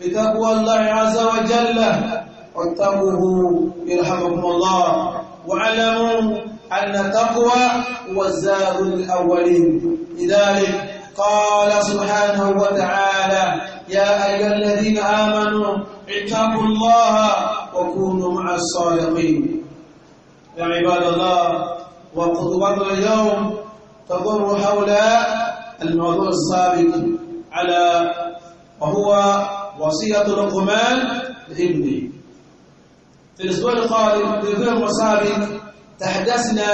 بتقوى الله عز وجل واتقوه يرحمكم الله واعلموا أن تقوى الزاد الأولين لذلك قال سبحانه وتعالى يا أيها الذين آمنوا اتقوا الله وكونوا مع الصادقين يا عباد الله وخطبتنا اليوم تدور حول الموضوع السابق على وهو وصية لقمان لابني في الأسبوع القادم الأسبوع المصابي تحدثنا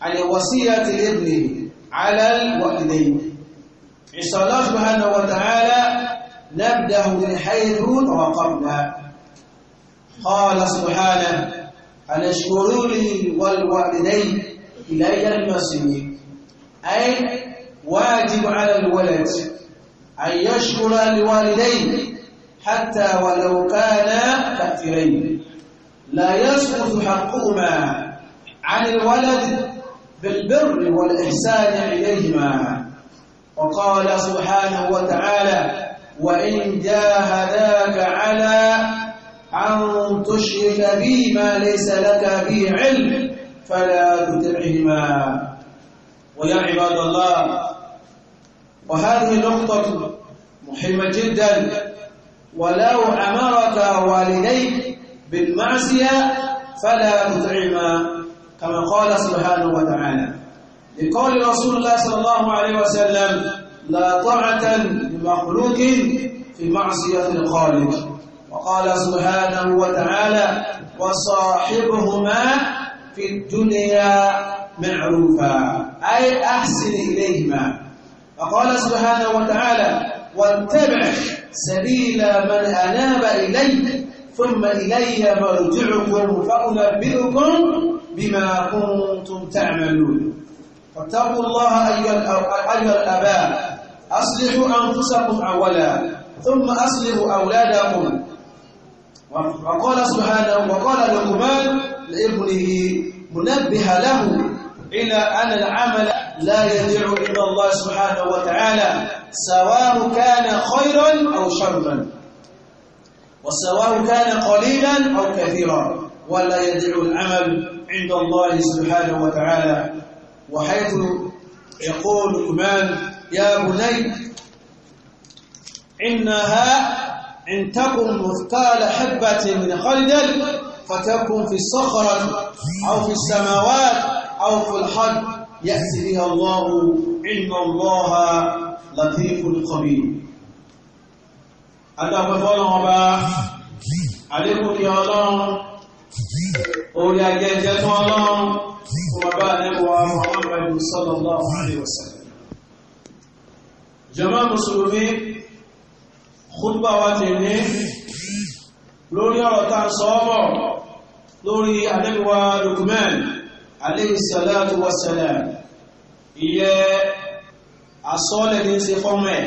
عن وصية الابن على الوالدين إن شاء الله سبحانه وتعالى نبدأ من حيث وقفنا قال سبحانه أن اشكروا لي والوالدين إلي المصير أي واجب على الولد أن يشكر لوالديه حتى ولو كانا كافرين لا يسقط حقهما عن الولد بالبر والإحسان إليهما وقال سبحانه وتعالى وإن جاهداك على أن تشرك بي ما ليس لك به علم فلا تطعهما ويا عباد الله وهذه نقطة مهمة جدا ولو أمرك والديك بالمعصية فلا تطعما كما قال سبحانه وتعالى لقول رسول الله صلى الله عليه وسلم لا طاعة لمخلوق في معصية الخالق وقال سبحانه وتعالى وصاحبهما في الدنيا معروفا أي أحسن إليهما وقال سبحانه وتعالى واتبع سبيل من أناب إلي ثم إلي مرجعكم فأنبئكم بما كنتم تعملون فاتقوا الله أيها الآباء أصلحوا أنفسكم أولا ثم أصلحوا أولادكم وقال سبحانه وقال لقمان لابنه منبه له إلى أن العمل لا يدع إلا الله سبحانه وتعالى سواء كان خيرا أو شرا وسواء كان قليلا أو كثيرا ولا يدع العمل عند الله سبحانه وتعالى وحيث يقول لقمان يا بني إنها إن تكن مثقال حبة من خلدل فتكن في الصخرة أو في السماوات أوفوا الحج يأتي بها الله إن الله لطيف خبير adáwọ̀ fọ́lọ̀ ọba àlékún ní ọlọ́run orí agẹ́jẹ́ tó ọlọ́run ọba bá àlẹ́wọ̀ Muhammadu sallallahu alaihi wasallam jàmá mùsùlùmí khutba wa ti ní lórí ọ̀rọ̀ tá sọ́ọ̀bọ̀ lórí àlẹ́wọ̀ Luqman alayhi salatu wa ìyẹ́ asọ́lẹ̀ ní ti fọ́mọ̀ ẹ̀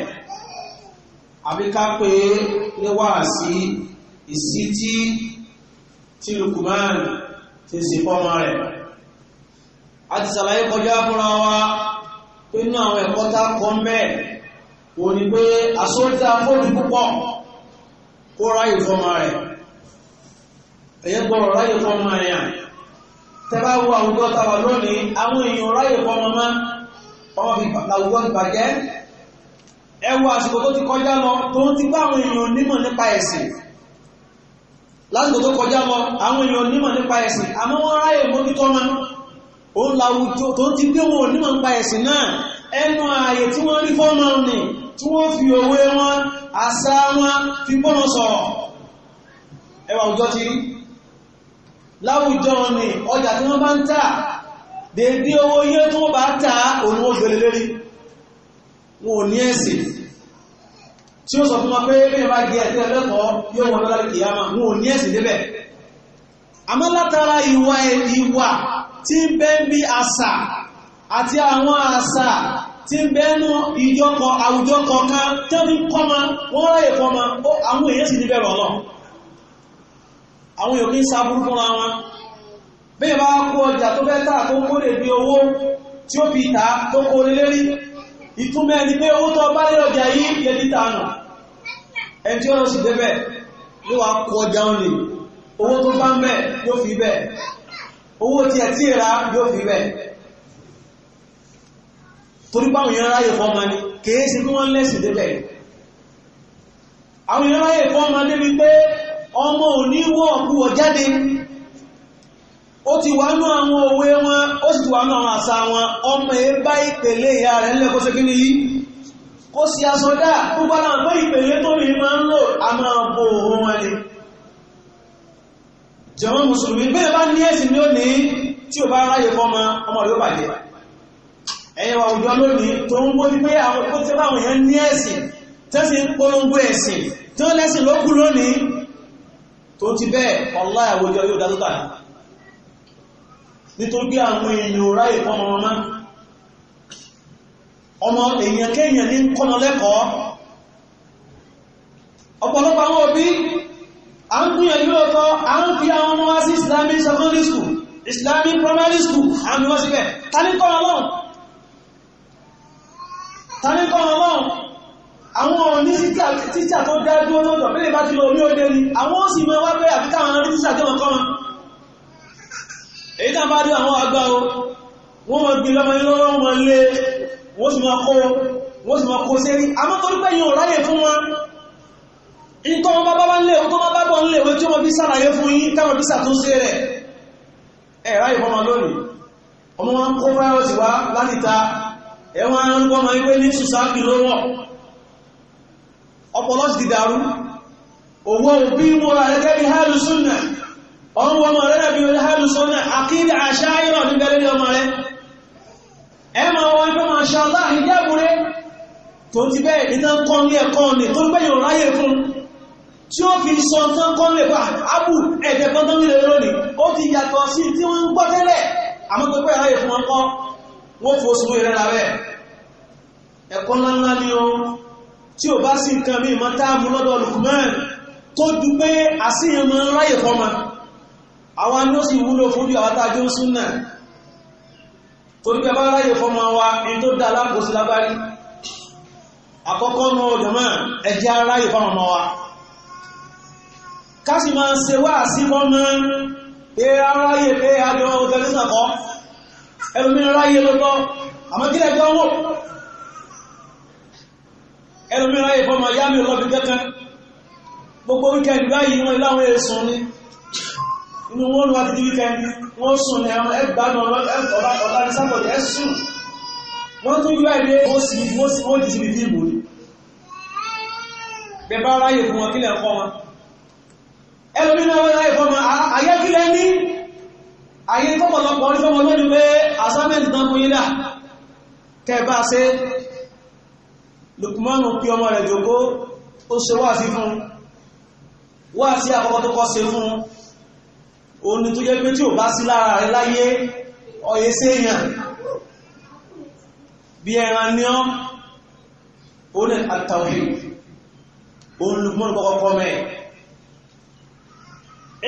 àbí ká pé níwá sí ìsí tí tí ti sì fọ́mọ̀ rẹ̀ a ti sàlàyé kọjá fúnra wa pé ní àwọn ẹ̀kọ́ tá kọ́ mẹ́ kò ní pé asọ́lẹ̀ fóònù púpọ̀ kó ráyè fọ́mọ̀ rẹ̀ ẹ̀yẹ́ gbọ́rọ̀ ráyè fọ́mọ̀ rẹ̀ yàn tẹ́bá wo àwùjọ tàwa lónìí àwọn èèyàn ráyè fọmọ mọ́ ọmọ fi làwùjọ ti bàjẹ́ ẹ wo àsìkò tó ti kọjá lọ tó ń ti bá àwọn èèyàn nímọ̀ nípa ẹ̀sìn lásìkò tó kọjá lọ àwọn èèyàn nímọ̀ nípa ẹ̀sìn àmọ́ wọ́n ráyè mójútó mọ́ òun làwùjọ tó ń ti gbé wọn nímọ̀ nípa ẹ̀sìn náà ẹnu ààyè tí wọ́n rí fọ́mọ ni tí wọ́n fi òwe wọn àṣà wọn fi bọ́mọ sọ̀rọ̀ ẹwà àwùjọ ti rí láwùjọ ni ọjà tí wọ́n bá ń tà dédé owó yẹ́ tó bá tà òun ó gbẹ̀lẹ̀ lérí wọn ò ní ẹ̀sìn tí ó sọ fún wa pé bí wọ́n bá gẹ ẹ̀tẹ́ ẹlẹ́kọ̀ọ́ yóò wọn lọ́la kìyàmà wọn ò ní ẹ̀sìn débẹ̀ àmọ́ látara ìwà ìwà tí ń bẹ ń bí àṣà àti àwọn àṣà tí ń bẹ nú ìjọkọ̀ àwùjọ kọ̀ọ̀kan tẹ́bí kọ́ma wọ́n ráyè kọ́ma àwọn èèyàn sì níbẹ̀ rọ̀ náà àwọn èèyàn kí ń sábúrú fúnra wọn bẹ́ẹ̀ bá kó ọjà tó fẹ́ tà tó kó lè gbé owó tí ó fi tà tó kó lé lérí ìtumọ̀ ẹni pé owó tó bá lé ọjà yìí yẹ títà nù ẹni tí ó lọ sí débẹ̀ ló wàá kó ọjà òun lè owó tó bá ń bẹ̀ yóò fi bẹ̀ owó tí ẹ tí ì ra yóò fi bẹ̀ torí báwọn èèyàn ráyè fọ́mọ ni kèé sí bí wọ́n lẹ́sìn débẹ̀ àwọn èèyàn ráyè fọ́mọ débi pé ọmọ ò ní wọ́ ọ̀pùwọ̀ jáde ó ti wà ní àwọn òwe wọn ó sì ti wà ní àwọn àṣà wọn ọmọ ẹ bá ìpele ìyá rẹ̀ nílẹ̀ kó ṣekí nìyí kó sì aṣọdá púpọ̀ náà pé ìpele tó rí máa ni jẹ̀wọ́n mùsùlùmí bẹ́ẹ̀ bá ní ẹ̀sìn ní òní tí ó polongo ẹ̀sìn tó lẹ́sìn lókù lónìí tó ti bẹ́ẹ̀ ọlá àwòjọ yóò dátútà nítorí pé àwọn èèyàn ráyè fọ́mọ ọmọ ọmọ èèyàn kéèyàn ní kọ́nà lẹ́kọ̀ọ́ ọ̀pọ̀lọpọ̀ àwọn òbí a ń gbìyànjú ọkọ̀ a ń fi àwọn ọmọ wá sí islamic secondary school islamic primary school a ń fi wọ́n síbẹ̀ ta ní kọ́nà àwọn òní títà tó dájú olóòtọ̀ mẹ́lẹ̀ bá ti lọ orí olè ní àwọn ó sì wá pé àfikà àwọn orí títà jẹ́mọ̀ kọ́mọ èyí tàà bá àwọn àgbà o wọ́n mọ̀ gbìn lọ́mọ ilọ́rọ̀ wọn lé wọ́n sì mọ́ kó wọ́n sì mọ́ kó sérí àmọ́ torí pé yìí ò ráyè fún wọn ìtọ́ wọn bábá ń lé ohun tó wọn bá bọ̀ ń lé ohun tí wọn bí sàlàyé fún yín táwọn bí sàtúnṣe rẹ̀ ẹ̀ ráyè fọmọ lónìí ọmọ wọn kó fáyọ̀sì wá láti ta ẹ̀wọ̀n arúgbọ́mọ ẹgbẹ́ ní sùsáàkì lówọ́ ọpọlọ sì ti dàrú òwò òbí wọ́n ẹgẹ́ bí hálù súnà ọ̀n wọ́n mọ̀ rẹ̀ bí hálù súnà àkídà àṣà ayọ̀ ní bẹ̀rẹ̀ ọmọ rẹ̀ ẹ ma wọ́n pẹ́ máa ṣe aláàrin jẹ́bùrẹ́ tó ti bẹ́ẹ̀ ìtàn kan ní ẹ̀kọ́ ní tó ń bẹ́yàn ráyè fún tí ó fi sọ tán kan lè pa ni ó tí ò bá sí nǹkan mí mọ́ táàmù lọ́dọ̀ Lukman tó ju pé àsíyàn mọ́ ráyè fọ́mọ àwọn ni ó sì wúlò fún bí àwọn tàbí ó súnnà torí pé bá ráyè fọ́mọ wa ní tó dá alákòóso lágbárí àkọ́kọ́ nù ọ̀dọ̀mọ́ ẹjẹ́ ráyè fọ́mọ ọmọ wa kásì máa ṣe wá sí fọ́mọ pé aráyè pé àjọ ọ̀tẹ̀lẹ́sàn kọ́ ẹlòmíràn ráyè lọ́tọ́ àmọ́ kílẹ̀ gbọ́ wò ẹlòmíràn ayé fọmọ ìyá mi lọ́bi kẹ́kẹ́ gbogbo wíkẹ́ndì báyìí wọn láwọn èsùn ni inú wọn lọ ti di wíkẹ́ndì wọn sùn ní àwọn ẹgbàánu ọ̀la ní sátọ̀dẹ̀ ẹ̀sùn wọn tún yọ èdè wọn sì wọn di síbi fíìmù ni bẹ́ẹ̀ bá ráyè fún wọn kílẹ̀ kọ́ wọn ẹlòmíràn wọn ayé fọmọ ayékílẹ̀ ní ayé tọmọlọpọ onífọmọ lọ́dún pé assignment náà mú yín dà kẹ́ bá ṣe Lukmanu pí ọmọ rẹ̀ jòkó ó ṣe wáàsí fún wáàsí àkọ́kọ́ tó kọ́ ṣe fún òun ni tó jẹ́ pé tí ò bá sí lára rẹ̀ láyé ọ̀yẹ́ séèyàn bí ẹran ní ọ́ òun àtàwí òun Lukmanu kọ́kọ́ kọ́ mẹ́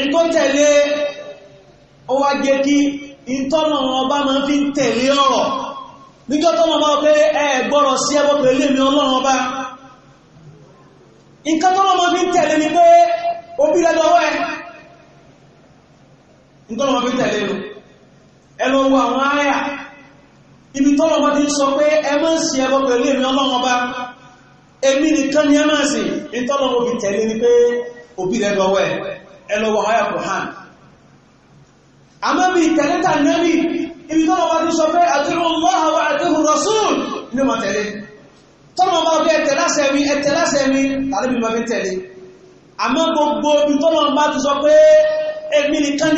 ìtọ́ tẹ̀lé ó wá jẹ́ kí ìtọ́nà ọba máa fi tẹ̀lé ọ̀rọ̀ níjọ́ tọ́nà ọ pé ẹ gbọ́rọ̀ sí ẹbọ́ pẹ̀lú èmi ọlọ́run ọba nǹkan tọ́nà máa fi tẹ̀lé ni pé òbí lẹ́dọ̀ọ́wọ́ ẹ nítọ́nà máa fi tẹ̀lé lò ẹ lọ wo àwọn àyà ibi tọ́nà máa ti sọ pé ẹ máa ń sí ẹbọ́ pẹ̀lú èmi ọlọ́run ọba èmi nìkan ni ẹ máa sìn nítọ́nà máa fi tẹ̀lé ni pé òbí lẹ́dọ̀ọ́wọ́ ẹ ẹ lọ wo àyà kò hàn àmọ́ bí ibi tọ́lọ̀ bá ní sọ pé àtúrò Allah wa àtúrò rasul inú ma tẹ̀lé tọ́lọ̀ bá bí ẹ̀tẹ̀láṣẹ́ mi ẹ̀tẹ̀láṣẹ́ mi tàbí bí ma fi tẹ̀lé àmọ́ gbogbo ibi tọ́lọ̀ bá ní ẹ̀mẹ́ ẹ̀kọ́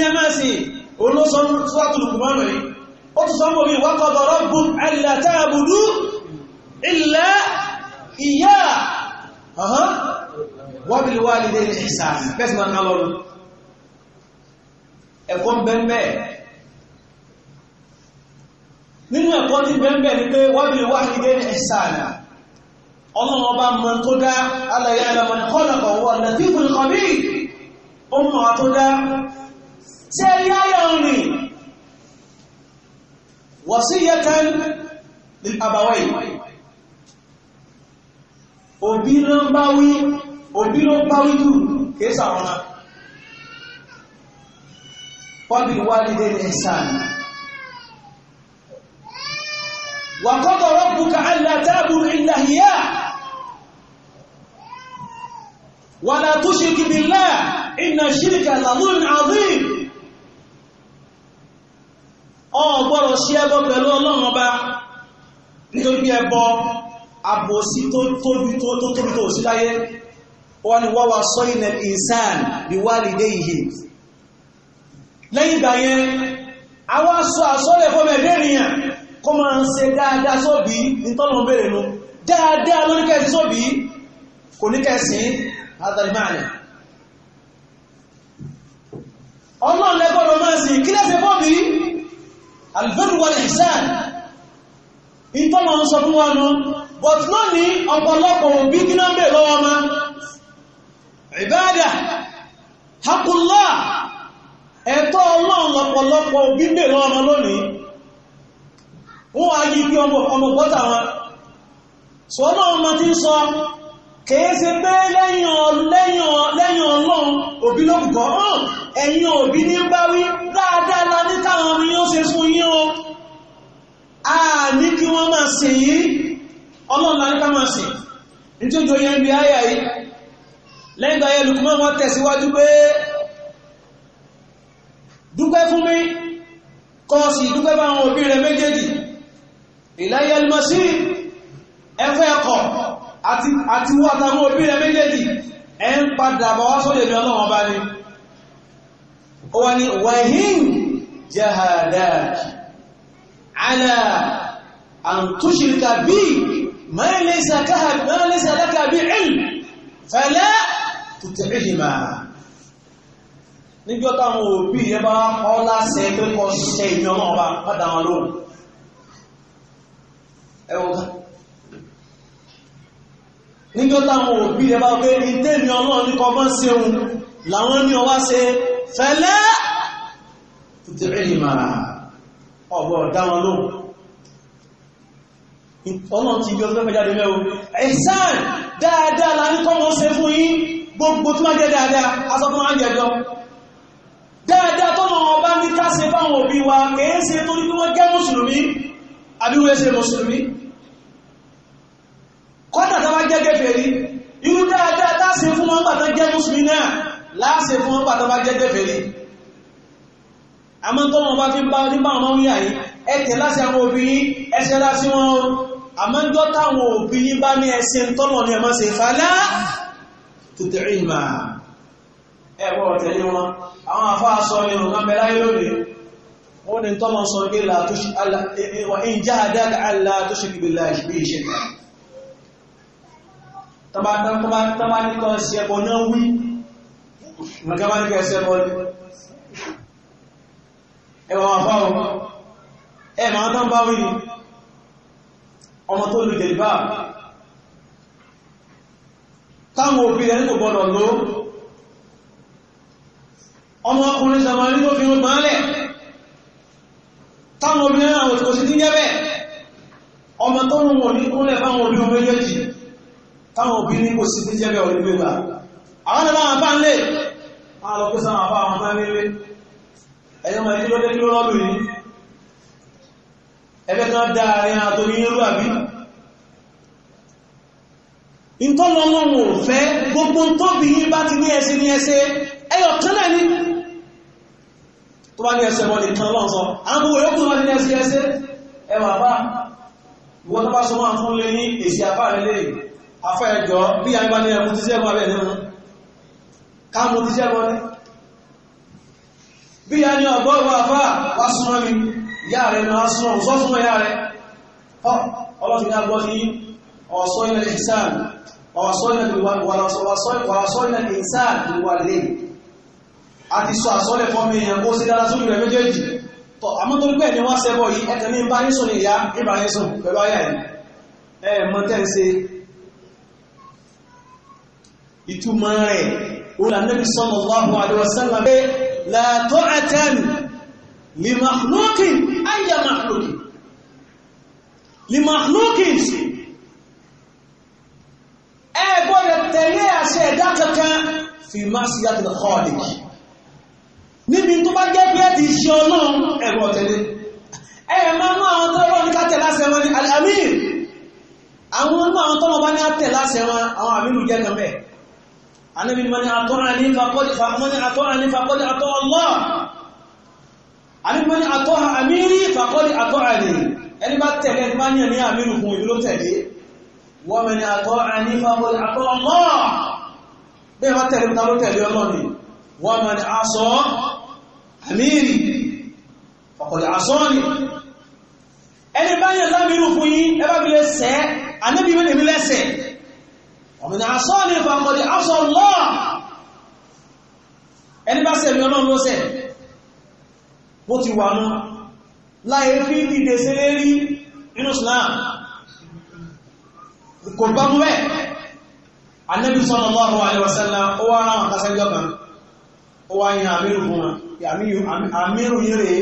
ń bẹ́ẹ̀ nínú ẹ̀kọ́ tí bẹ́ẹ̀ ni pé wábìlì wáhìdé ní ìsànà ọlọ́run ọba mọ tó dá alàyà ìlàmọ̀ ní kọ́lọ̀kọ̀ wọ lẹ́tífù ìkọ̀bí ó mọ̀ tó dá tí ẹ yáyà rìn wọ̀ sí yẹtẹ́n òbí ló ń bá òbí ló ń bá jù kìí sàwọn náà wábìlì wáhìdé ní ìsànà وقضى ربك ألا تعبدوا إلا إياه ولا تشرك بالله إن الشرك لظلم عظيم ọgbọ́rọ̀ sí ẹbọ pẹ̀lú ọlọ́run ọba nítorí bí ẹbọ àbòsí tó tóbi tó tóbi tó sí láyé wọ́n ni wọ́wà sọ ilẹ̀ ìsàn bí wà lìdé ìhè lẹ́yìn ìgbà yẹn àwọn aṣọ àṣọ́lẹ̀ fọ́mẹ̀ lẹ́rìnyàn kó máa ń ṣe dáadáa sóbí nítọ́lọ̀ bèèrè nù dáadáa ló ní kẹsí sóbí kò ní kẹsí àtàrímáàlì ọlọ́run lẹ́gbọ́dọ̀ máa sì kí lẹ́sẹ̀ bọ́bí alberwal ihsan wa nù but náà ní ọ̀pọ̀lọpọ̀ òbí kí náà bèèrè lọ́wọ́ ma ìbáàdà hakullah ẹ̀tọ́ ọlọ́run lọ́pọ̀lọpọ̀ òbí bèèrè lọ́wọ́ ma lónìí wọ́n wá yí bí ọmọ bọ́ta wọn so ọmọ ọmọ tí ń sọ kèése pé lẹ́yìn ọlọ́run òbí ló kùkọ́ hàn ẹ̀yin òbí ní bá wí dáadáa la ní táwọn ọmọ yóò ṣe fún yín o a ní kí wọ́n máa sè yí ọlọ́run la ní ká máa sè dúpẹ́ fún mi kọ́ sí dúpẹ́ bá àwọn òbí rẹ̀ méjèèjì ìlẹ́yẹ alìmọ̀sí ẹfẹ́ ẹkọ̀ àti wọ́n àtàwọn òbí rẹ méjèèjì ẹ ń padà bọ̀ wá sóyè ní ọlọ́wọ́n bá ní ó wá ní wàhín jahadaki ala an tushirka bí ma laysa laka bí ilm fala tuti'ihima níjọ́ táwọn òbí rẹ bá ọ́ láṣẹ ẹwọ́n ká níjọ́ táwọn òbí rẹ̀ bá pé ìtẹ́mi ọlọ́run ní kọmọ́ sí ohun làwọn ní ọwá ṣe fẹ́lẹ́ tìtìrìlì màá ọ̀bọ̀ dáwọn ló ọlọ́run ti bí ọdún jáde mẹ́wọ́ ẹ̀sán dáadáa la ní kọmọ́ ṣe fún yín gbogbo tó máa jẹ́ dáadáa aṣọ tó máa jẹ́ jọ dáadáa tó mọ̀ ọba ní ká ṣe fáwọn òbí wa kèé ṣe torí pé wọ́n jẹ́ mùsùlùmí àbí wọ́n ṣe mùsùlùmí àmọ́ tó wọn bá fi ń bá nípa àwọn ọmọ yà yìí ẹ tẹ̀ láti àwọn òbí yín ẹ ṣe láti wọn o àmọ́ ń jọ́ táwọn òbí yín bá ní ẹsẹ̀ ń tọ́nà ní ẹ̀mọ́ sí falá tètè ìmà ẹ wọ́n ọ̀tẹ̀ ní wọn àwọn afáà sọ ní e- e- ọ̀nà ẹwà wà fáwọ ẹ ma tán bá wí ọmọ tó lù jẹ̀lìbá táwọn òbí rẹ̀ nígbò gbọ́dọ̀ ọmọ ọkùnrin sàmàrí tó fi rúgbọ́n lẹ̀ táwọn òbí rẹ̀ àwọn jẹ́bẹ̀ ọmọ tó rùn wọ̀n ní kúnlẹ̀ fáwọn òbí ọmọ méjèèjì táwọn òbí ní kò sí jẹ́bẹ̀ àwọn ọmọ ń lè ẹ̀yọ́ ma ní lọ́dẹ́ kí ló rọ́lù yìí ẹgbẹ́ tán dá àárín àtò ní irú àbí ìtọ́lọ́lọ́wò fẹ́ gbogbo tóbi yí bá ti ní ẹsẹ ní ẹsẹ ẹyọ tẹ́lẹ̀ ní tó bá ní ẹsẹ mọ́ ní kan lọ́n sọ àwọn òyò kú bá ní ẹsẹ ẹsẹ ẹwà bá ìwọ́n tó bá sọ máa fún lé ní èsì àbá rẹ̀ lè afẹ́ ẹjọ́ bí i àgbà ní ẹkùn tí sẹ́gbà rẹ̀ nínú ká bí a ní ọgọ́rùn-ún àfá wá súnmọ́ mi ìyá rẹ̀ máa súnmọ́ sọ súnmọ́ ìyá rẹ̀ ọlọ́run ní agbọ́ ní ọ̀sọ́ ilẹ̀ ìsáàn ọ̀sọ́ ilẹ̀ ìsáàn ìwà lè àti sọ àsọ́lẹ̀ fọ́mí èèyàn kó sí dára sórí rẹ̀ méjèèjì tọ́ àmútorípẹ̀ ní wọ́n sẹ́bọ̀ yìí ẹ̀tẹ̀ ní bá yín sùn ní ìyá ìbá yín sùn pẹ̀lú ayá yìí ẹ̀ mọ́ tẹ́ la ta'atan li makhluqin ayya makhluqin li makhluqin ẹ gbọ́dọ̀ tẹ̀lé àṣẹ ẹ̀dá kankan fi ma'siyatil khaliq níbi tó bá jẹ́ pé ti ṣe ọlọ́run ẹ̀rọ tẹ̀lé ẹ máa mú àwọn tọ́lọ́ ní ká tẹ̀lé àṣẹ wọn ni ní Ànábì mani atọ́ni fàkọ́lì atọ́ Allah Ànábì mani atọ́ àmìrí fàkọ́lì atọ́ àní ẹni bá tẹ̀lé bá ní ẹ̀mí àmìrù fún ìlú tẹ̀lé wọ́n mẹ́ni atọ́ àní fàkọ́lì atọ́ Allah bẹ́ẹ̀ bá tẹ̀lé bá tẹ̀lé ọlọ́ni wọ́n mẹ́ni asọ́ àmìrí fàkọ́lì asọ́ ni ẹni bá yẹ̀ lámìrù fún yí ẹbá bí lẹ́sẹ̀ Ànábì ọ̀mìnà asọ́ọ̀lì ìfàmọ̀lì asọ́ọ̀lọ́ ẹni bá sẹ̀mí ọlọ́run ló sẹ̀ bó ti wà náà láyé fi dìde sí lérí inú islam kò bá mú bẹ́ẹ̀ annabi sallallahu alaihi wasallam ó wá rán àkásẹ́ jọba ó wá yin àmírù fún wọn àmírù yìí rèé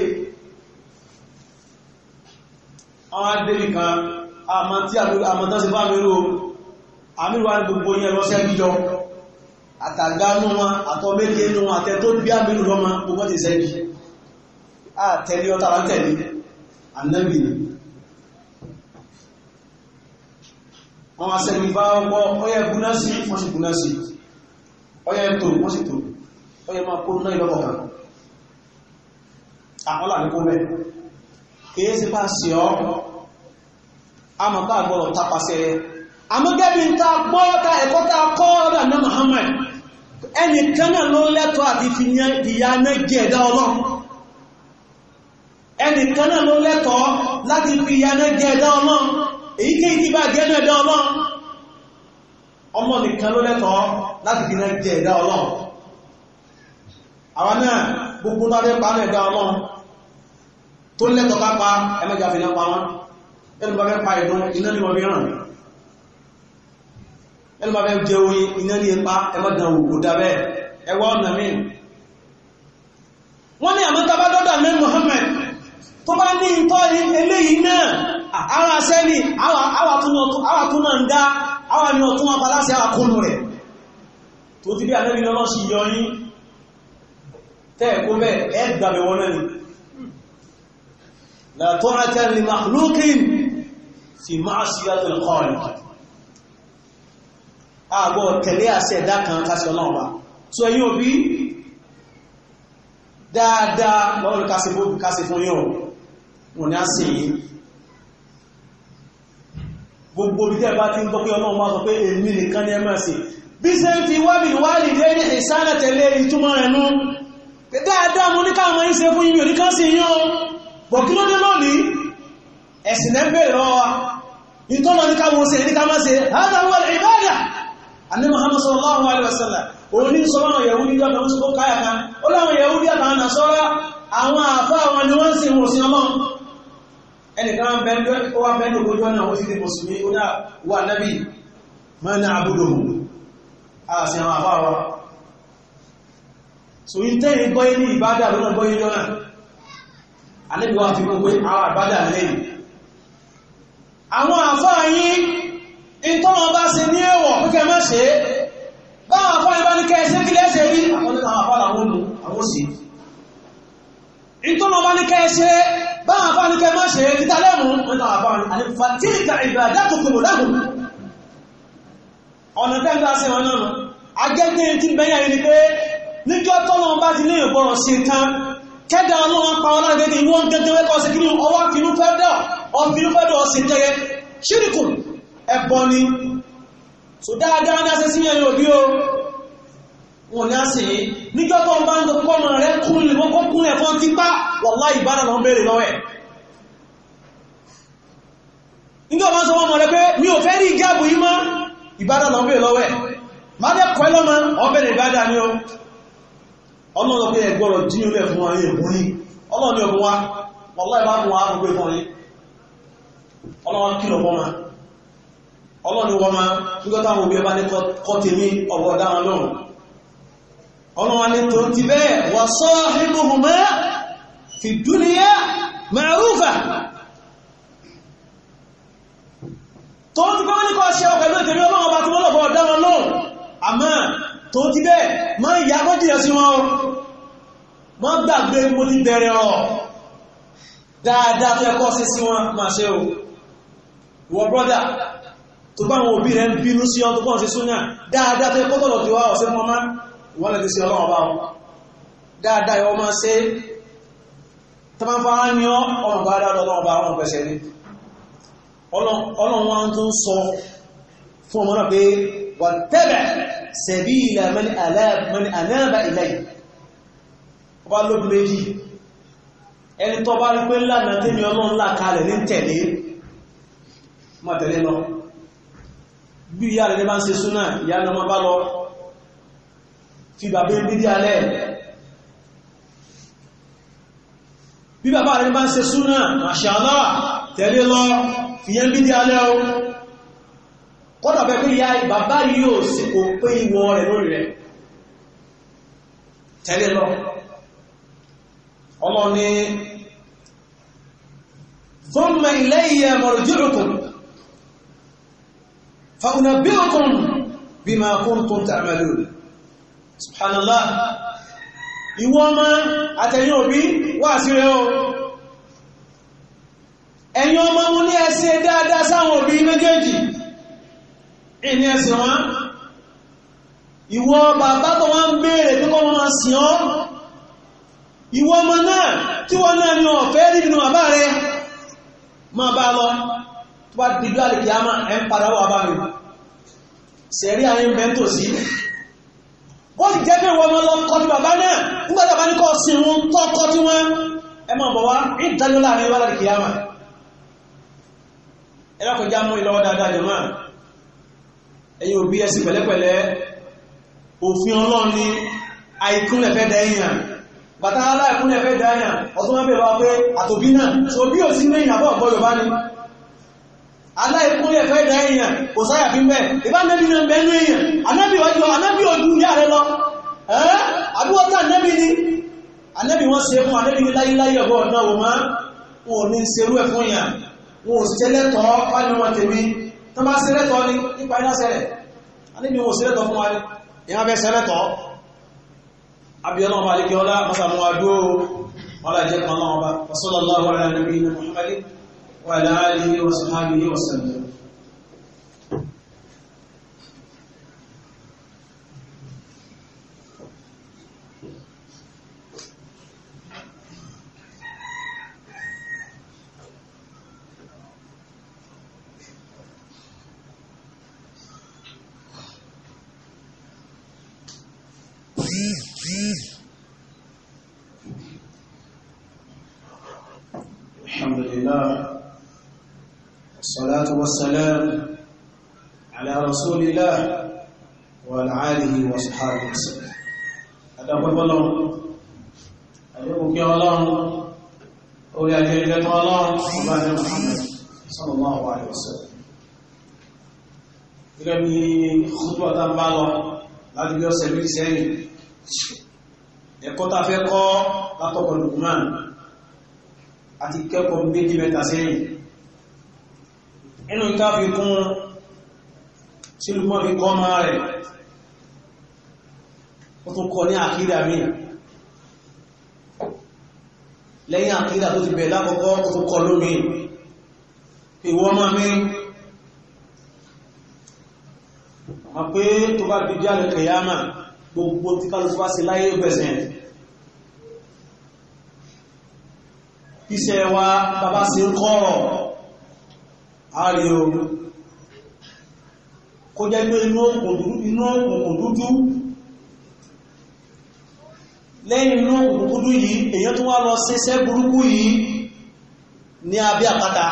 àwọn adébì kan àmọ́ tí àmọ́ tán sí bá àmírù àmìwà ní gbogbo yẹn lọ́sẹ́ jíjọ àtàgbánú wọn àtọ́mẹ́lẹ́ inú wọn àtẹ tó bí àmìlú lọ́mọ gbogbo ti sẹ́jì àtẹ̀lé ọ̀tara tẹ̀lé ànábì ni wọ́n wá sẹ́ni bá wọ́ ọyẹ gúná sí wọ́n sì gúná sí ọyẹ tó wọ́n sì tó ọyẹ máa kó náà ìlọ́kọ̀ kan àwọn làwọn kó mẹ́ kìí sí bá sí ọ́ àmọ́ bá gbọ́dọ̀ tapasẹ́ àmọ́gẹ́bí ń ta gbọ́ọ́ta ẹ̀kọ́ ta kọ́ ọ̀dà náà Muhammad ẹni kanáà ló lẹ́tọ́ àti fi ìyá náà jẹ ẹ̀dá ọlọ́run ẹni kanáà ló lẹ́tọ́ láti fi ìyá náà jẹ ẹ̀dá ọlọ́run èyí kí ìdí bá jẹ́ ẹ̀dá ọlọ́run ọmọ nìkan ló lẹ́tọ́ láti fi náà jẹ ẹ̀dá ọlọ́run àwọn náà gbogbo lọ́dẹ́ pa náà ẹ̀dá ọlọ́run tó lẹ́tọ́ bá pa ẹmẹ́jà fi náà pa wọn ẹnu bá fẹ́ pa ìbọn iná ní wọn fi hàn ẹnu bá fẹ́ jẹ oyin iná ní ipa ẹmọ́dàn òkú dábẹ́ ẹwà ọ̀nà míì wọ́n ní àmọ́ta bá dọ́dà mẹ́ Muhammad tó bá ní ìtọ́ eléyìí náà ara sẹ́ni àwà tún náà ń dá àwà ní ọ̀tún wọn paláṣẹ àwà kúnnù rẹ̀ tó ti bí àlẹ́bí lọ́lọ́ sí yọ tẹ́ẹ̀kú bẹ́ẹ̀ ẹ́ wọn àgbọ̀ tẹ̀lé àṣẹ ẹ̀dá kan kásì ọlọ́run wa so ẹ̀yin òbí dáadáa lọ́rùn kásì bóbi kásì fún yín o wọ́n ní á sì yín gbogbo ibi tẹ́ẹ̀ bá ti ń gbọ́ pé ọlọ́run wá sọ pé èmi nìkan ni ẹ máa sìn bí ṣe ń fi wábì wálì dé ní ìsánà tẹ̀lé ìtumọ̀ rẹ̀ nú dáadáa mo ní káwọn yín ṣe fún yín mi ò ní kán sì yín o bọ̀ kí ló dé lónìí ẹ̀sìn lẹ́ ń bèèrè lọ́wọ́ wa ìtọ́nà ní káwọn ṣe ní ká má ṣe hádà wọ́n ìbáyà àní muhammad sallallahu alayhi wa sallam òun ní yahudi jọ́ kan sọ́kó káyà kan ó láwọn yahudi àtàwọn nàṣọ́rá àwọn àfa àwọn ni ọmọ ẹnìkan bẹ́ẹ̀ ó wá a si wa ìtọ́nà bá ṣe ní ẹ̀wọ̀n pínkẹ mẹ́ ṣe báwọn afọ́ ẹbá ní kẹ́ẹ̀ṣe kí lẹ́ṣe rí àwọn nínú àwọn afọ́lá àwọn olù àwọn sí ìtọ́nà bá ní kẹ́ẹ̀ṣe báwọn afọ́ ní kẹ́ẹ̀ mẹ́ ṣe títà lẹ́mù nínú àwọn afọ́ àlefa tí ìta ìgbà dákò kò lẹ́gùn ọ̀nà tẹ́ńdà sí wọn náà agẹ́gẹ́ tí bẹ́yà yìí ni pé níjọ́ tọ́nà bá ti ní ìgbọràn sí kan kẹ́dà ọlọ́run pa ọlọ́run gẹ́gẹ́ ìwọ́n gẹ́gẹ́ wẹ́kọ́ sí kí ọwọ́ finúfẹ́dọ̀ ọ̀finúfẹ́dọ̀ ọ̀sìn jẹ́gẹ́ ṣírìkùn ẹbọ ni so dáadáa ní aṣẹ́ sí ẹ̀yìn òbí o wọn ni a sì níjọ́ tó ń bá ń dọ́pọ̀ mọ̀ rẹ̀ kún lè mọ́kọ́ kún lè fọ́n tipa wàlá ìbára lọ bèèrè lọ́wọ́ níjọ́ bá ń sọ mọ̀ rẹ̀ pé mi ò fẹ́ rí ìjáàbù yí mọ́ ìbára lọ bèèrè dẹ́ kọ́ lọ́mọ ni ó ọlọ́run pé ẹgbọ́rọ̀ dínúlẹ̀ fún ayé ìwúrí ọlọ́ni wọ́n máa nígbọ́ta àwọn òbí ọba ní kọ́tẹ̀mí ọ̀bọ̀ dáwọn lọ́rùn ọlọ́wọ́ ní tó ti bẹ́ẹ̀ wọ́n sọ ìmúhùnmọ́ fi dúníyà ma'rufa tó ti bẹ́ẹ̀ ní kọ́ ṣe ọ̀pẹ̀lú ìtẹ̀lú ọlọ́wọ́ bá ti mọ́lọ̀bọ̀ dáwọn lọ́rùn àmọ́ tó ti bẹ́ẹ̀ máa ń yà jìyà sí wọn mọ́ gbàgbé mo ti bẹ̀rẹ̀ ọ̀ dáadáa fẹ́ kọ́ sí sí wọn máa ṣe o wọ brọ́dà tó bá àwọn òbí rẹ̀ ń bínú sí ọ́n tó pọ̀ sí súnà dáadáa tó yẹ kọ́tọ̀lọ̀ tí wá ọ̀sẹ̀ mọ́ máa wọ́n lè ti sí ọlọ́wọ́ bá wọn dáadáa yọ máa ṣe tọ́báfáà ní ọ̀rọ̀ bá dáadáa ọlọ́wọ́ bá wọn pẹ̀sẹ̀ ní ọlọ́run wọn tó ń sọ fún ọmọ náà ẹni tó bá rí pé ńlá náà tẹ́mi ọlọ́run là kalẹ̀ ní tẹ̀lé má tẹ̀lé lọ bí ìyá rẹ̀ bá ń ṣe súnà ìyá lọ́mọ bá lọ fi bàbá ń bídí alẹ́ bí bàbá rẹ̀ bá ń ṣe súnà àṣàlá tẹ̀lé lọ fìyẹn bídí alẹ́ o kọ́dà bẹ́ pé ìyá bàbá yóò sì kò pé ìwọ rẹ̀ lórí rẹ̀ tẹ̀lé lọ ọmọ ni thumma ilayya marji'ukum فأنبئكم بما كنتم تعملون سبحان الله ìwọ ọmọ àtẹ̀yìn òbí wà sí rẹ̀ o ẹ̀yin ọmọ mú ní ẹsẹ̀ dáadáa sáwọn òbí méjèèjì ìní ẹsẹ̀ wọn ìwọ bàbá tó wọ́n ń béèrè tó kọ́ wọn sí ọ́ ìwọ ọmọ náà tí wọ́n náà ní ọ̀fẹ́ nínú bàbá rẹ̀ máa bá lọ tó bá dìdú àlìkìyàmà ẹ̀ ń padà wà bá mi sẹ̀rí àyè ń bẹ́ tòsí ó sì jẹ́ pé wọ́n lọ kọ́ tí bàbá náà nígbà tí bàbá ní kọ́ sí wọn tọ́kọ́ tí wọ́n ẹ máa bọ̀ wá ní ìdájọ́ láàrin wà láti kìyàmà ẹ lọ́kọ̀ já mú ìlọ́wọ́ dáadáa jọ máa ẹ̀yin òbí ẹ pẹ̀lẹ́pẹ̀lẹ́ òfin ọlọ́run ni àìkúnlẹ̀ fẹ́ da èèyàn bàtà aláìkúnlẹ̀ fẹ́ da èèyàn ọ̀tún wọn bẹ̀rẹ̀ wá pé àtòbí náà aláìkúnlẹ̀ fẹ́ dá èèyàn kò sáyà fi mẹ́ ìbá nẹ́bí náà bẹ̀ẹ́nú èèyàn anábì ọjọ́ anábì ojú ní ààrẹ lọ ẹ́ àbúwọ́ta anábì ni anábì wọ́n ṣe fún anábì ní láyíláyí ọ̀bọ̀ ọ̀nà wò máa wọn ò ní ṣerú ẹ̀ fún yàn wọn ò ṣẹlẹ́tọ̀ wájú wọn tèmi tó bá ṣẹlẹ́tọ̀ ni nípa iná ṣẹlẹ̀ anábì wọn ò ṣẹlẹ́tọ̀ fún wa ni ìyá bẹ́ ṣẹlẹ́tọ̀ abiyọ́nà ọba alẹ́kẹ́ ọlá masamuwa dúró ọlá jẹ́ kan náà ọba wasallallahu ala nabiyina muhammadin وعلى آله وصحابه وسلم والسلام على رسول الله وعلى آله وصحبه وسلم أدعوكم الله أدعوكم يا الله أولي أجل الله سبحانه محمد صلى الله عليه وسلم gẹ́gẹ́ bí kúrò tá bá lọ láti bí ọ̀sẹ̀ méjì sẹ́yìn ẹ̀kọ́ tá fẹ́ kọ́ látọ̀kọ̀ lùkùnmán àti kẹ́kọ̀ọ́ méjì mẹ́ta sẹ́yìn ní tàbí kún tí lùmọ́ fi kọ́ máa rẹ̀ ó tún kọ ní àkídà míì lẹ́yìn àkídà tó ti bẹ̀ lákọ̀ọ́kọ́ ó tún kọ lómi ìwọ ọmọ mi ma pé tó bá bí jáde kẹyàmà gbogbo tí kálùsù wá sí láyé bẹ̀sẹ̀ iṣẹ́ wa bàbá sí ń kọ́ àárí ogun kó jẹ́ pé inú òkùnkùn dúdú lẹ́yìn inú òkùnkùn dúdú yìí èyàn tó wá lọ ṣẹṣẹ́ burúkú yìí ní abẹ́ àpáta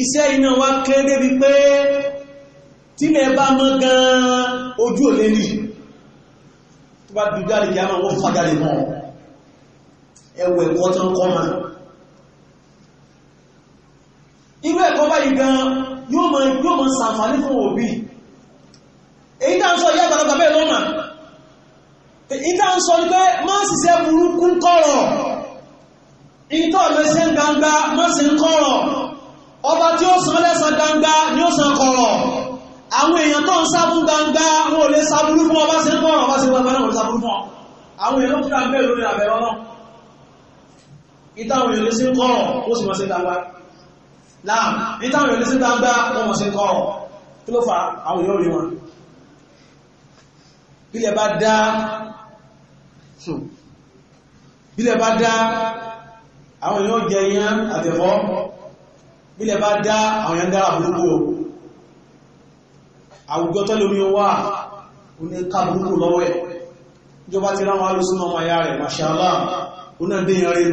iṣẹ́ iná wá kéde bí pé tílẹ̀ bá mọ́ gan-an ojú òlé nì tó bá dùdú àríkì àmà wọ́n fàjáde mọ́ ẹwẹ̀ kọ́ tán kọ́ máa báyìí gan yóò mọ̀ yóò mọ̀ sàǹfàní fún òbí èyí tá ń sọ ìyá àgbàlagbà bẹ́ẹ̀ lọ́nà èyí tá ń sọ ní pé má ṣiṣẹ́ burúkú kọ̀rọ̀ ìtọ́ mẹ́sẹ̀ gbangba má ṣe ń kọ̀rọ̀ ọba tí ó san lẹ́san gbangba ni ó san kọ̀rọ̀ àwọn èèyàn tó ń sábú gbangba wọn ò lè sábúrú fún ọba ṣe ń kọ̀rọ̀ ọba ṣe gbangba náà ò lè sábúrú fún ọ àwọn èèyàn ló kúrò àbẹ́ lórí àbẹ̀rọ náà ìtàwọn èèyàn lè ṣe ń kọ̀rọ̀ ó sì mọ̀ sí gbangba láàmù nítawọn yóò lé sí gbangba wọn mọ̀ sí kọrọ̀ kí ló fa àwọn yóò rí wọn bílẹ̀ bá dá hmm, bílẹ̀ bá dá àwọn yóò jẹ yán àtẹ̀fọ́ bílẹ̀ bá dá àwọn yán dára burúkú àwùjọ tọ́lẹ̀ omi wà ó ní ká burúkú lọ́wọ́ ẹ̀ ìjọba ti ráwọn alùsùn ọmọ ayá rẹ̀ mashallah ó náà dé yàn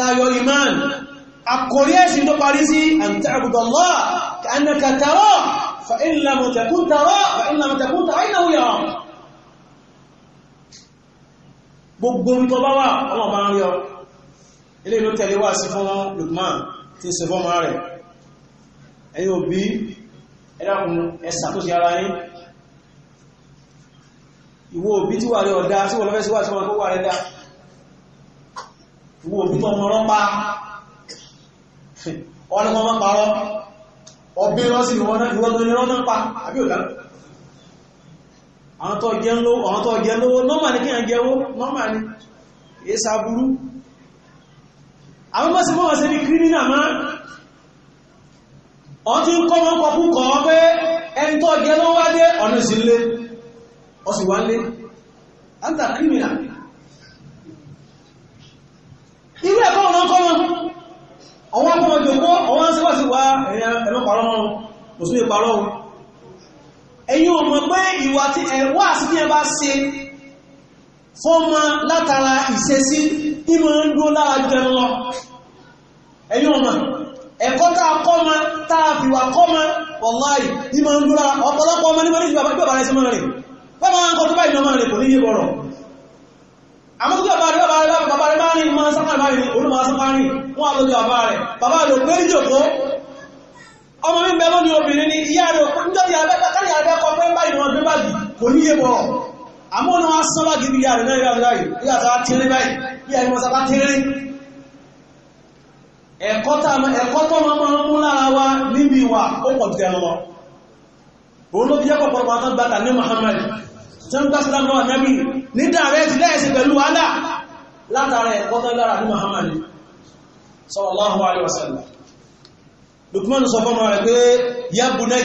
tayọ iman àkórí ẹ̀sìn tó parí sí an ta'budu Allah ka'annaka tara fa in lam takun tara fa in lam takun tara innahu yarak gbogbo omi tó bá wà ọmọ bá ń rí ọ ilé ìlú tẹ̀lé wà sí fún Lukman tí ń ṣe fún ọmọ rẹ̀ ẹ̀yin òbí ẹ̀dàkùn ẹ̀sà tó ṣe ara yín ìwọ òbí tí wà rí ọ̀dá tí wọ́n lọ́fẹ́ sí wà tí wọ́n kó wà rẹ̀ dáa wo òbí mọ̀mọ́ rán pa ọlọ́mọ mọ́ parọ́ ọbí rán sí ìwọ́n náà ìwọ́n tó ní rán náà pa àbí òdá àwọn tó jẹ́ lówó nọ́mà ní kí àjẹ́wó nọ́mà ní èsà burú àwọn mọ́sí mọ́wọ́sí ní kírínà máa ọ̀n tí ń kọ́ mọ́ pọ̀kú kọ́ pé ẹni tó jẹ́ lówó wá mùsùlùmí parọ́ ohun ẹ̀yin ò mọ̀ pé ìwà tí ẹ̀wà sí ní ẹbá ṣe fọ́mọ látara ìṣesí tí mo ń dúró lára jẹun lọ ẹ̀yin ò ẹ̀kọ́ tá a kọ́ ma tá a fìwà kọ́ ma wọ̀láì ní mo ń dúró lára ọ̀pọ̀lọpọ̀ ọmọ ní mo ní ìgbà bá bàbá rẹ̀ sí máa rìn bàbá wọn kọ́ tó báyìí náà máa rìn kò ní yé bọ̀rọ̀ àmọ́ bàbá rẹ̀ bàbá rẹ̀ bàbá rẹ̀ olùmọ̀ sáfà rìn wọn àlọ́ bàbá rẹ̀ bàbá rẹ̀ ò pé níjòkó ọmọ mi ń bẹ lónìí obìnrin ni ìyá rẹ̀ òpin nítorí kárí abẹ́kọ̀ pé ń báyìí wọn gbé báyìí kò ní yé bọ̀ àmọ́ ní wọ́n sán láti ibi ìyá rẹ̀ náà ìyá rẹ̀ báyìí ìyá sábà tẹ́lẹ̀ báyìí ìyá rẹ̀ sábà tẹ́lẹ̀ ẹ̀kọ́ tó máa ń mú lára wa níbi ìwà ó pọ̀ jù ẹran lọ òun ló fi jẹ́ pọ̀pọ̀lọpọ̀ àtàn gbàtà ní Muhammad tí wọ́n gbàsílá náà nẹ́bí ní dàrẹ́tì lẹ́ẹ̀sẹ̀ pẹ̀lú wàhálà látara ẹ̀kọ́ tó lára ní Muhammad sallallahu alaihi wasallam Lukman sọ fọ́mọ rẹ̀ pé yábù náà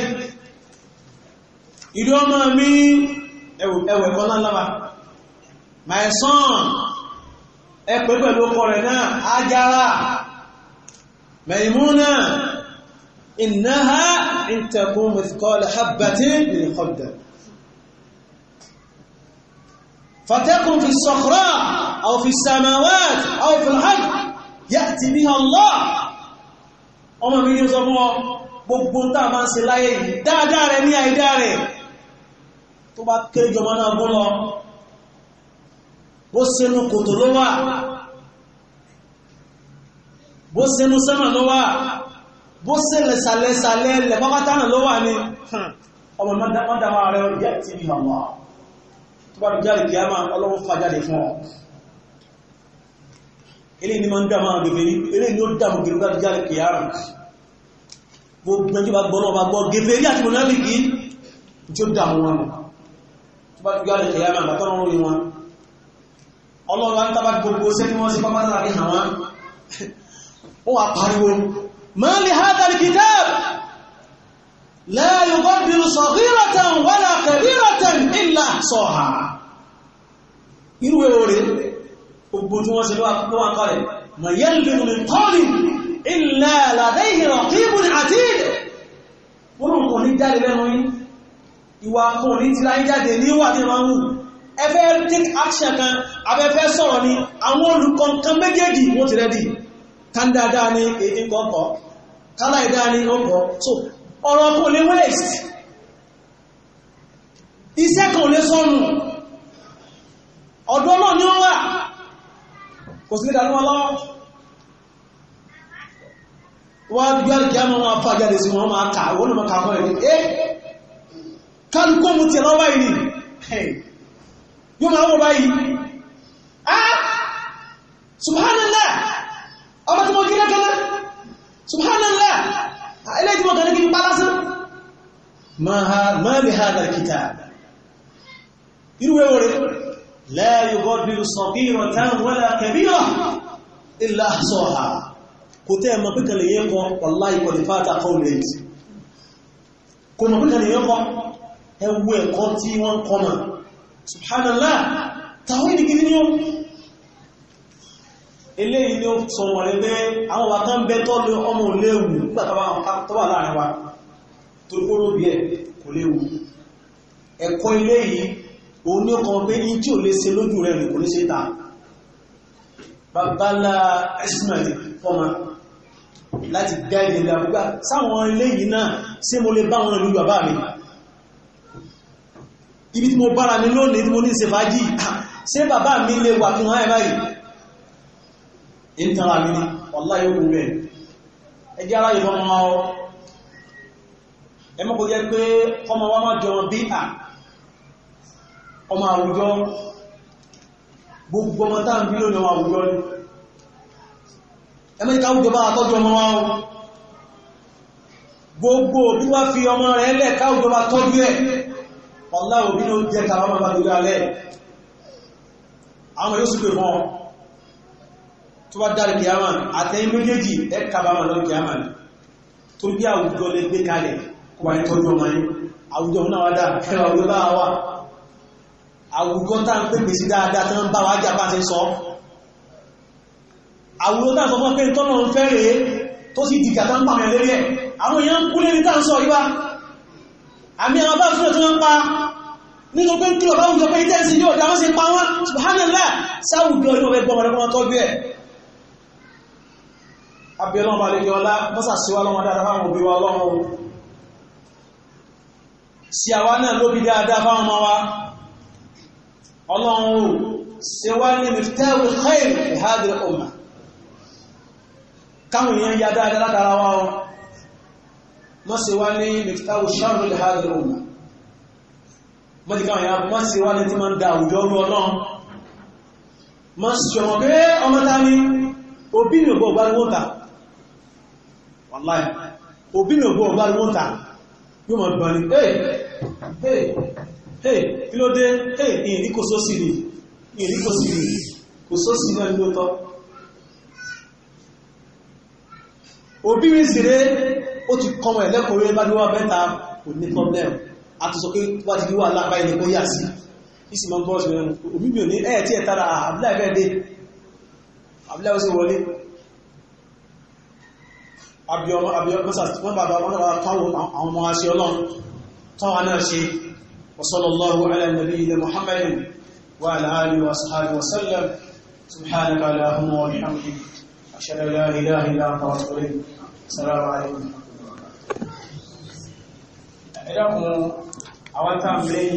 ìlú ọmọ mi ẹwẹ̀ kan lálàbà my son ẹ pẹ́ pẹ̀lú ọkọ rẹ̀ náà Ájára Maimuna innaha in takun mithqala habbatin min khardal fatakun fi as-sakhra aw fi as-samawati fi al-hayy ya'ti Allah ọmọ mi yóò sọ fún ọ gbogbo táà máa ń ṣe láyé yìí dáadáa rẹ̀ ní àìdá rẹ̀ tó bá kéré jọmọ náà gún lọ bó sínú kòtò ló wà bó sínú sánà ló wà bó sí lẹ́sàlẹ́sàlẹ́ lẹ̀ pápátánà ló wà ní ọmọ mọ́dámà rẹ̀ yẹ́ ti ìhàwà tó bá eléyìí ni máa ń dámà gẹ̀fẹ̀rí eléyìí ni ó dámù gẹ̀rùgbà járe kìyàrù gbogbo ẹjọ́ bá gbọ́nà ọba gbọ́ gẹ̀fẹ̀rí àti mọ̀nàlìkì tí ó dámù wọn tó bá járe kìyàrù àbátọ́nà orin wọn ọlọ́run á tábà gbogbo sẹ́ tí wọ́n sì pápá láàrin àwọn ó wà pariwo máa lè ha dàrí kìtàb la yughadiru saghiratan wala kabiratan illa ahsaha irú èrò gbogbo tí wọ́n ṣe ló wà kọ́lẹ̀ ma yẹ́lùmínú ní tọ́lì ilẹ̀ àlàdẹ́yìn rọ̀kíbù ní àti wọ́n kò ní jáde lẹ́nu yín ìwà kò ní tíra ń jáde ní wà ní ma ń wù ẹfẹ́ take action kan abẹ́fẹ́ sọ̀rọ̀ ni àwọn olùkọ́ kan méjèèjì wọ́n ti rẹ́dì kan dáadáa ní èyí ń kọ́kọ́ kálá ìdá ní ọkọ̀ so ọ̀rọ̀ kò lè waste iṣẹ́ kan lè sọnù ọ̀dọ́ náà ni ó wà kò sí ní kanú wọn lọ́wọ́ wọ́n gbé àríkẹ́ àmọ́ wọn afá jáde sí wọn máa kà wọ́n náà kà wọ́n ẹ̀ ẹ́ kálukú mu tiẹ̀ lọ́wọ́ báyìí ni yóò máa wọ báyìí ah subhanallah ọmọ tí mo kí lẹ́kẹ́lẹ́ subhanallah ah, eléyìí tí mo kàn ní kí n pa lásán máa bí hàn kìtà irú wẹ́wọ́ rẹ̀ لا يغادر صغيرة ولا كبيرة إلا أحصاها kò tẹ́ ẹmọ pínkà lè yẹ́ kan ọ̀lá ìkọ̀lẹ̀ fàtà college kò mọ̀ pínkà lè yẹ́ kan ẹwú ẹ̀kọ́ tí wọ́n kọ́ mọ̀ subhanallah tàwọn ìdíkiri ní ó ilé ilé sọ̀rọ̀ rẹ̀ bẹ́ àwọn wà tán bẹ́ tọ́lú ọmọ léwu nígbàtàwà láàrin wa òun ní ọkọ̀ pé in tí ò lè ṣe lójú rẹ̀ nìkò ní ṣe ta babalá estimate fọ́mà láti gáìdì ilẹ̀ àgbúgbà sáwọn ilé yìí náà ṣé mo lè bá wọn lójú bàbá mi ibi tí mo bára mi lónìí tí mo ní ṣe fàájì ṣé bàbá mi lè wà kí wọ́n ẹ̀bá yìí in tara mi ní ọlá yóò gùn bẹ́ẹ̀ ẹjẹ́ ara yìí fọ́mọ́ ẹmọ́kò jẹ́ pé fọ́mọ́ wọ́n má jọ bí à ọmọ àwùjọ gbogbo ọmọ táà ń bí lónìí ọmọ àwùjọ ni ẹmẹ́ríkà àwùjọ bá tọ́jú ọmọ wa o gbogbo òbí wá fi ọmọ rẹ̀ lẹ̀ káwùjọ bá tọ́jú ẹ̀ ọ̀lá òbí ló jẹ́ tàbá bàbá lórí alẹ́ àwọn yóò sì pè fún ọ tó bá dárí kìámà àtẹ́yìn méjèèjì ẹ kábàámà lọ kìámà bí àwùjọ lè gbé kalẹ̀ kó wà ní tọ́jú ọmọ yìí àwùjọ náà wá kẹwàá wọlé bá àwùjọ tá à ń pèpè sí dáadáa tí wọ́n bá wá jà bá ṣe sọ àwùjọ tá à ń sọ fún pé tọ́nà ń fẹ́ rèé tó sì dìgbà tá ń pa àwọn ẹlẹ́rìí ẹ̀ àwọn èèyàn ń kú lé ní tá à ń sọ yíwá àmì àwọn bá fúnra tí wọ́n ń pa nítorí pé ń kí ọ̀bá òjò pé ìtẹ́sí yóò dá wọ́n sí pa wọ́n subhanallah sáwùjọ inú ọ̀bẹ gbọmọdé wọn tọ́jú ẹ̀ abẹ́lẹ́ ọba lè yọlá mọ́sà síwá lọ́wọ́ dáadáa fáwọn òbí wa lọ́wọ́ sí àwa náà lóbi dáadáa fáwọn ọmọ wa ọlọ́run ṣe wá ní miftahu khair fi hadhihi al-umma káwọn èèyàn ya dáadáa látara wa ọ mọ́ ṣe wá ní miftahu sharr fi hadhihi al-umma mọ́ ti káwọn ya mọ́ ṣe wá ní tí máa ń da àwùjọ ọrú ọlọ́run mọ́ ṣe ọmọ pé ọmọ ta ni òbí ni ògbó ọgbàlú wọn ta wàláì òbí hey kí ló dé hey ìrìn kò sósì rí ìrìn kò sí rí kò sósì náà ló tọ́ òbí mi sì ré ó ti kọmọ ẹ̀lẹ́kùnrin bá níwá bẹ́ta kò ní problem a ti sọ pé wá ti níwá alábáyé ni kó yà sí ìsì máa ń bọ́ọ̀sì rẹ̀ òbí mi ò ní ẹ̀ẹ̀tí ẹ̀ tara àbúláì bẹ́ẹ̀ dé àbúláì ó sì wọlé abiyọmọ abiyọmọ sàtìmọ́ bàbá wọn náà tọ́wọ́ àwọn ọmọ aṣẹ ọlọ́run tọ́wọ́ náà ṣe وصلى الله على نبينا محمد وعلى آله وأصحابه وسلم سبحانك اللهم وبحمدك أشهد أن لا إله إلا أنت أستغفرك السلام عليكم.